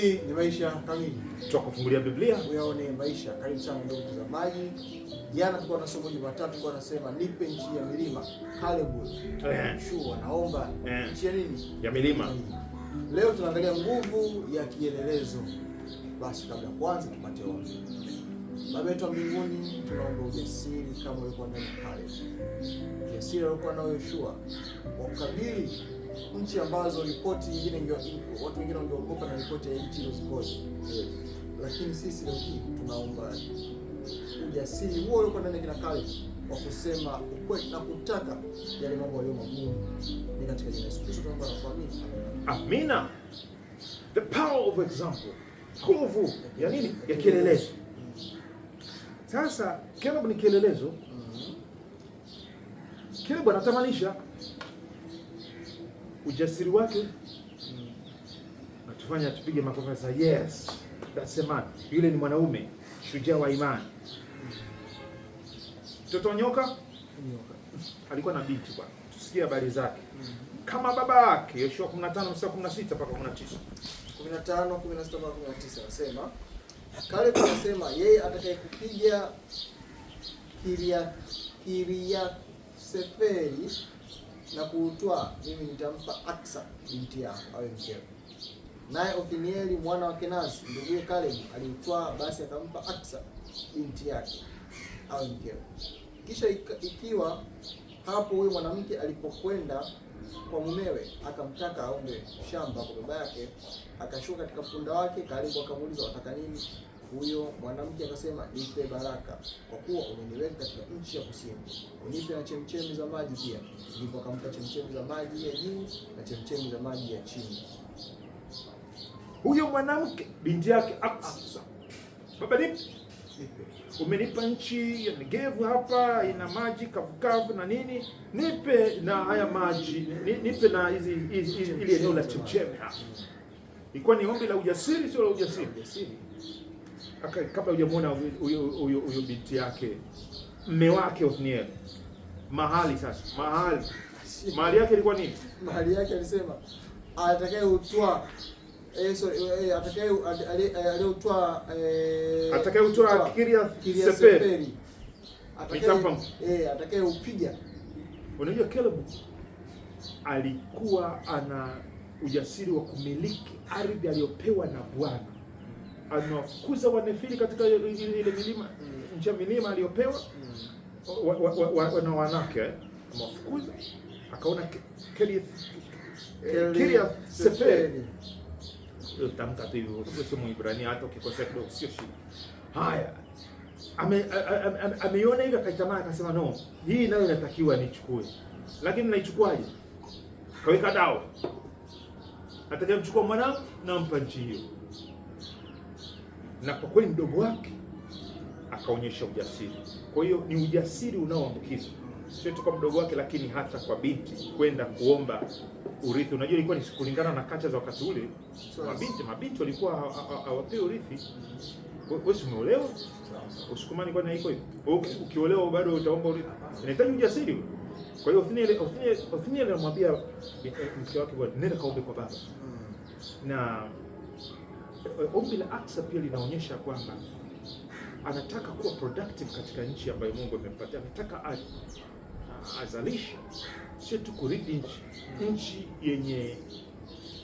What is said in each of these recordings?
Hii ni Maisha Kamili, kufungulia Biblia uyaone maisha. Karibu sana ndugu mtazamaji. Jana tulikuwa na somo Jumatatu, tulikuwa nasema nipe nchi ya milima. Kalebu Yoshua eh. anaomba eh. nchi ya nini? Ya milima. Leo tunaangalia nguvu ya kielelezo. Basi kabla ya kwanza, tupate ombi. Baba yetu wa mbinguni, tunaomba ujasiri kama ulivyokuwa nayo Kalebu, ujasiri aliokuwa nao Yoshua wakukabili nchi ambazo ripoti nyingine watu wengine wangeogopa na ripoti ya nchi ilizikoje. Lakini sisi leo hii tunaomba ujasiri huo uliokuwa ndani ya kina kale wa kusema ukweli na kutaka yale mambo yaliyo magumu, ni katika jina la Yesu Kristo tunaomba na kuamini. Amina. The power of example, nguvu ya nini? Ya kielelezo. Sasa Caleb ni kielelezo. Caleb mm-hmm. anatamanisha ujasiri wake mm, natufanya tupige makofi. Yes, that's a man. Yule ni mwanaume shujaa wa imani. Mtoto mm. nyoka, nyoka alikuwa na binti bwana, tusikie habari zake mm, kama baba yake. Yoshua 15 mstari 16 mpaka 19, 15 16 mpaka 19 anasema Kalebu anasema yeye atakayekupiga Kiria Kiria Seferi na kuutwaa, mimi nitampa Aksa binti yako awe mkeo. Naye Othnieli mwana wa Kenazi nduguye Kalebu aliutwaa, basi akampa Aksa binti yake awe mkewe. Kisha ikiwa hapo huyo mwanamke alipokwenda kwa mumewe, akamtaka aombe shamba kwa baba yake, akashuka katika punda wake. Kalebu akamuuliza wataka nini? huyo mwanamke akasema, nipe baraka kwa kuwa umeniweka katika nchi ya kusini, unipe na chemchemi za maji pia. Ndipo akampa chemchemi za maji ya juu na chemchemi za maji ya chini. Huyo mwanamke binti yake Aksa, baba, nipe umenipa nchi ya Negevu, hapa ina maji kavukavu na nini, nipe na haya maji, nipe na hizi ili eneo la chemchemi hapa. Ilikuwa ni ombi la ujasiri, sio la ujasiri kabla hujamuona huyo binti yake, mme wake Othniel, mahali sasa, mahali mahali yake ilikuwa nini? Mahali yake alisema atakaye atakaye utwa utwa eh, eh, sorry, atakayeutoa atakayeutoa Kiriath-Seferi upiga. Unajua, Caleb alikuwa ana ujasiri wa kumiliki ardhi aliyopewa na Bwana amewafukuza Wanefili katika ile milima nchi ya milima aliyopewa na wanawake, eh? amewafukuza akaona Kiriath Sefer tamka tu hivyo sio Mwibrania, hata ukikosea kidogo sio shida. Haya, ameiona hivi akaitamaa, akasema no, hii nayo inatakiwa nichukue, lakini naichukuaje? Kaweka dawa, atakayemchukua mwanangu nampa nchi hiyo na kwa kweli mdogo wake akaonyesha ujasiri. Kwa hiyo ni ujasiri unaoambukizwa, sio tu kwa mdogo wake, lakini hata kwa binti kwenda kuomba urithi. Unajua, ilikuwa ni kulingana na kacha za wakati ule, mabinti mabinti walikuwa hawapewi urithi. Wewe umeolewa kwa nini haiko hivyo? Ukiolewa bado utaomba urithi, inahitaji ujasiri. Kwa hiyo Othnieli, Othnieli anamwambia eh, mke wake, bwana nenda kaombe kwa baba na Eh, ombi la Aksa pia linaonyesha kwamba anataka kuwa productive katika nchi ambayo Mungu amempatia, anataka azalisha azalishe, sio tu kurithi nchi, nchi yenye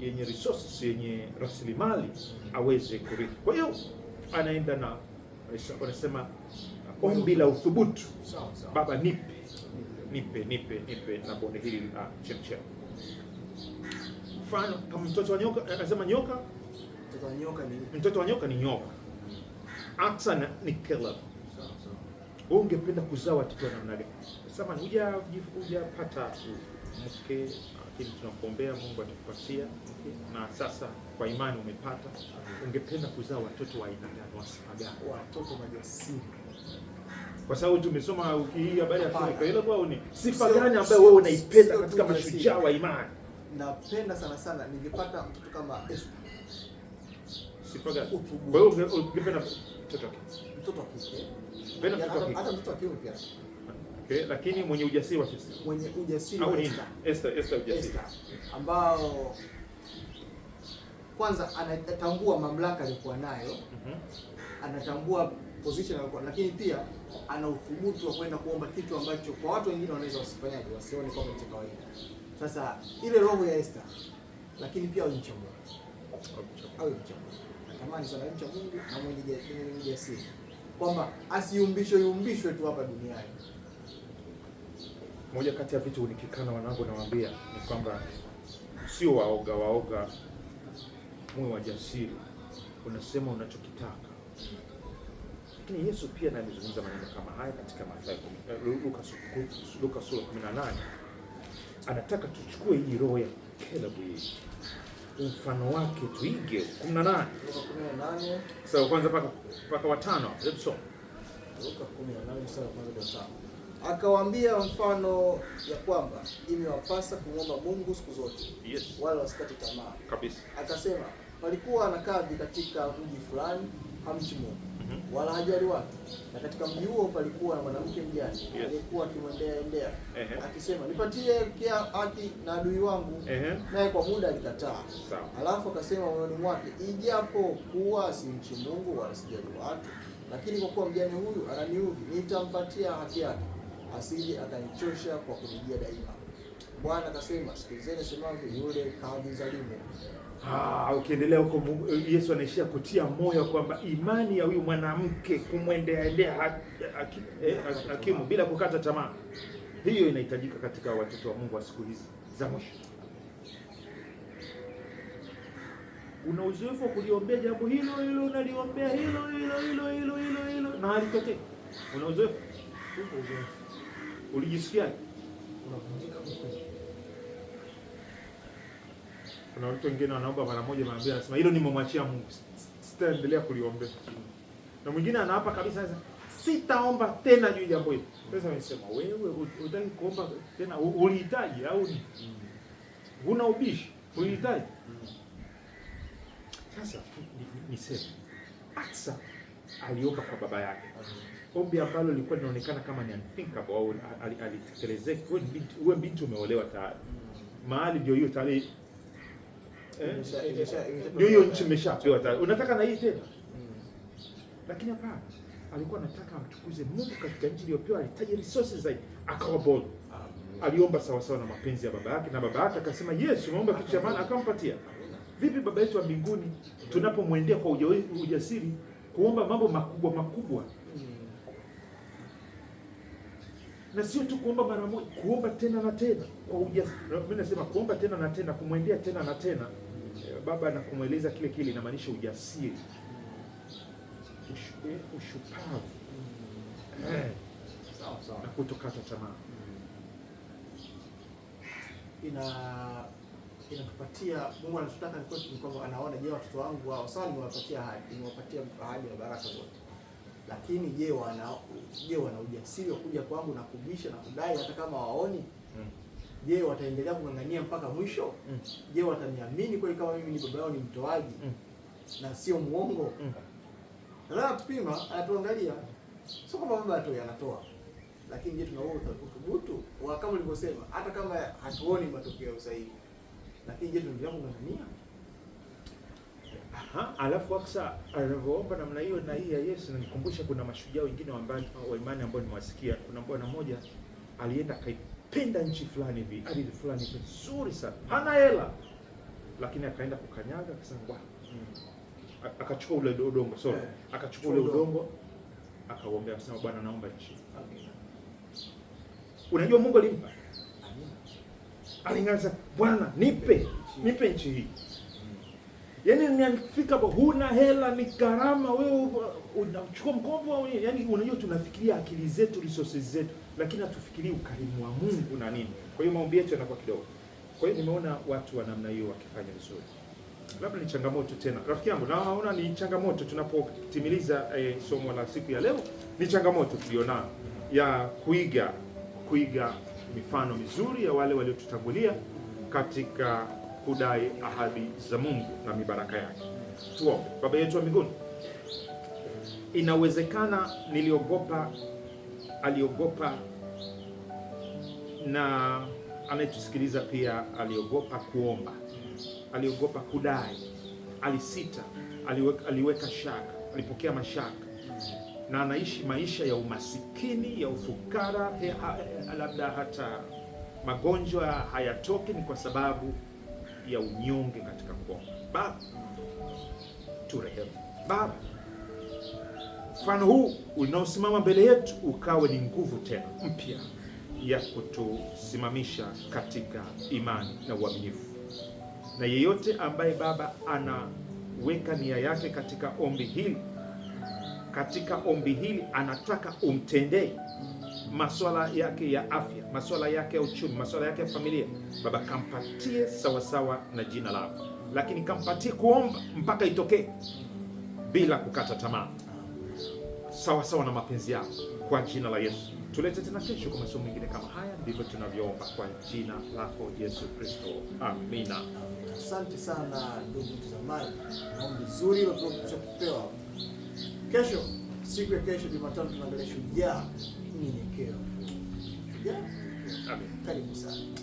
yenye resources, yenye rasilimali aweze kurithi. Kwa hiyo anaenda na wanasema ombi la uthubutu, Baba nipe nipe nipe nipe na bonde hili la chemchemi. Mfano kama mtoto wa nyoka, eh, anasema nyoka Mtoto wa nyoka ni mtoto wa nyoka ni nyoka. Aksa ni killer. Wewe ungependa kuzaa watoto wa namna gani? Sasa huja hujapata mke, lakini tunakuombea Mungu atakupatia na sasa kwa imani umepata. Ungependa kuzaa watoto wa aina gani? Wa sifa gani? Watoto majasiri. Kwa sababu tumesoma wiki hii habari ya Filipo, ile kwa ni sifa gani ambayo wewe unaipenda katika mashujaa wa imani? Napenda sana sana ningepata mtoto kama Esther sifa gani? Kwa hiyo ungependa mtoto wa kike, mtoto wa kike, hata mtoto wa kiume pia. Okay, lakini mwenye ujasiri wa mwenye ujasiri wa ujasiri ambao kwanza anatambua mamlaka aliyokuwa nayo mhm. Anatambua position aliyokuwa, lakini pia ana uthubutu wa kwenda kuomba kitu ambacho kwa watu wengine wanaweza wasifanyaje, wasione kwamba cha kawaida. Sasa ile roho ya Esther, lakini pia awe awe amani sana mcha Mungu na mwenye ujasiri, kwamba asiumbishwe yumbishwe tu hapa duniani. Moja kati ya vitu unikikana wanangu nawaambia ni kwamba sio waoga waoga, wa wajasiri, unasema unachokitaka. Lakini Yesu pia naye amezungumza maneno kama haya katika Mathayo, eh, Luka sura 18, anataka tuchukue hii roho ya Kelebu hii mfano wake tuige. kumi na nane mstari wa kwanza mpaka watano. Hebu soma Luka Akawaambia mfano ya kwamba imewapasa kumwomba Mungu siku zote, yes. wala wasikate tamaa kabisa. Akasema palikuwa na kadhi katika mji fulani hamchi Mungu mm -hmm. wala hajali watu. Na katika mji huo palikuwa na mwanamke mjane yes. aliyekuwa akimwendea endea uh -huh. akisema, nipatie kia haki na adui wangu uh -huh. naye kwa muda alikataa. Alafu akasema moyoni mwake, ijapo kuwa simchi Mungu wala sijali watu, lakini kwa kuwa mjane huyu ananiudhi, nitampatia haki yake, asije akanichosha kwa kunijia daima. Bwana akasema, sikilizeni semavyo yule kadhi zalimu, Ah, ukiendelea huko Yesu anaishia kutia moyo kwamba imani ya huyu mwanamke kumwendeaendea eh, hakimu eh, bila kukata tamaa, hiyo inahitajika katika watoto wa Mungu wa siku hizi za mwisho. Una uzoefu wa kuliombea jambo hilo hilo, unaliombea hilo hilo hilo hilo hilo hilo na halitokei. Una uzoefu, ulijisikiaje? Kuna watu wengine wanaomba mara moja mara mbili, anasema hilo nimemwachia Mungu, sitaendelea kuliombea. Na mwingine anaapa kabisa, sasa sitaomba tena juu jambo hili. Sasa wanasema wewe hutaki kuomba tena, ulihitaji au ni mm. huna ubishi, ulihitaji. Mm. Sasa niseme Aksa aliomba kwa baba yake ombi ambalo lilikuwa linaonekana kama ni unthinkable au alitekelezeka. Wewe binti umeolewa tayari, mm. mahali ndio hiyo tayari hiyo nchi imeshapewa tayari, unataka na hii tena? Lakini hapana, alikuwa anataka amtukuze Mungu katika nchi iliyopewa, alihitaji resources zaidi, akawa bold, aliomba sawa sawa na mapenzi ya baba yake, na baba yake akasema, yes, umeomba kitu cha maana, akampatia. Vipi baba yetu wa mbinguni tunapomwendea kwa ujasiri kuomba mambo makubwa makubwa na sio tu kuomba mara moja, kuomba tena na tena kwa ujasiri. Mimi nasema kuomba tena na tena, kumwendea tena na tena. Eh, baba na kumweleza kile kile inamaanisha ujasiri, eh, ushupavu eh, na kutokata tamaa. Ina inatupatia Mungu anachotaka ni kwetu, kwamba anaona, je, watoto wangu wao sawa, nimewapatia ahadi, nimewapatia ahadi na baraka zote, lakini je, wana je wana ujasiri wa kuja kwangu na kubisha na kudai hata kama waoni? hmm. Je, wataendelea kung'ang'ania mpaka mwisho? mm. Je, wataniamini kweli kama mimi ni baba yao ni mtoaji mm. na sio muongo? mm. pima anatuangalia, sio kwamba baba tu anatoa lakini je, tunao uthubutu wa kama ulivyosema, hata kama hatuoni matokeo sahihi, lakini je, tunaendelea kung'ang'ania? Aha, alafu aksa anavyoomba namna hiyo na hii ya Yesu nanikumbusha, kuna mashujaa wengine wa imani ambao nimewasikia. Kuna bwana mmoja alienda anapenda nchi fulani hivi, ardhi fulani nzuri sana, hana hela, lakini akaenda kukanyaga, akasema bwana mm. akachukua ule udongo sorry, yeah. akachukua ule udongo akaombea akasema Bwana, naomba nchi. Amina. Unajua Mungu alimpa, aling'aza, Bwana nipe, nipe nchi hii. Hmm. Yaani ninafika hapo, huna hela, ni gharama, wewe uh, unachukua mkopo. au nini Yaani unajua, tunafikiria akili zetu, resources zetu lakini hatufikirii ukarimu wa Mungu na nini. Kwa hiyo maombi yetu yanakuwa kidogo. Kwa hiyo nimeona watu wa namna hiyo wakifanya vizuri. Labda ni changamoto tena, rafiki yangu, naona ni changamoto tunapotimiliza eh, somo la siku ya leo. Ni changamoto tulionayo ya kuiga kuiga mifano mizuri ya wale waliotutangulia katika kudai ahadi za Mungu na mibaraka yake. Tuombe. Baba yetu wa mbinguni, inawezekana niliogopa aliogopa na anayetusikiliza pia aliogopa kuomba, aliogopa kudai, alisita, aliweka, aliweka shaka, alipokea mashaka na anaishi maisha ya umasikini, ya ufukara, labda hata magonjwa hayatoki ni kwa sababu ya unyonge katika kuomba. Baba turehemu, Baba mfano huu unaosimama mbele yetu ukawe ni nguvu tena mpya ya kutusimamisha katika imani na uaminifu. Na yeyote ambaye Baba anaweka nia yake katika ombi hili, katika ombi hili anataka umtendee masuala yake ya afya, masuala yake ya uchumi, masuala yake ya familia, Baba kampatie sawasawa na jina lako, lakini kampatie kuomba mpaka itokee bila kukata tamaa sawasawa na mapenzi yako kwa jina la Yesu. Tulete tena kesho kwa masomo mengine kama haya, ndivyo tunavyoomba kwa jina lako Yesu Kristo, amina. Asante sana ndugu mtazamaji, maombi zuri watuokusha kupewa. Kesho, siku ya kesho Jumatano, tunaangalia shujaa mnyenyekeo. Shujaa, karibu sana.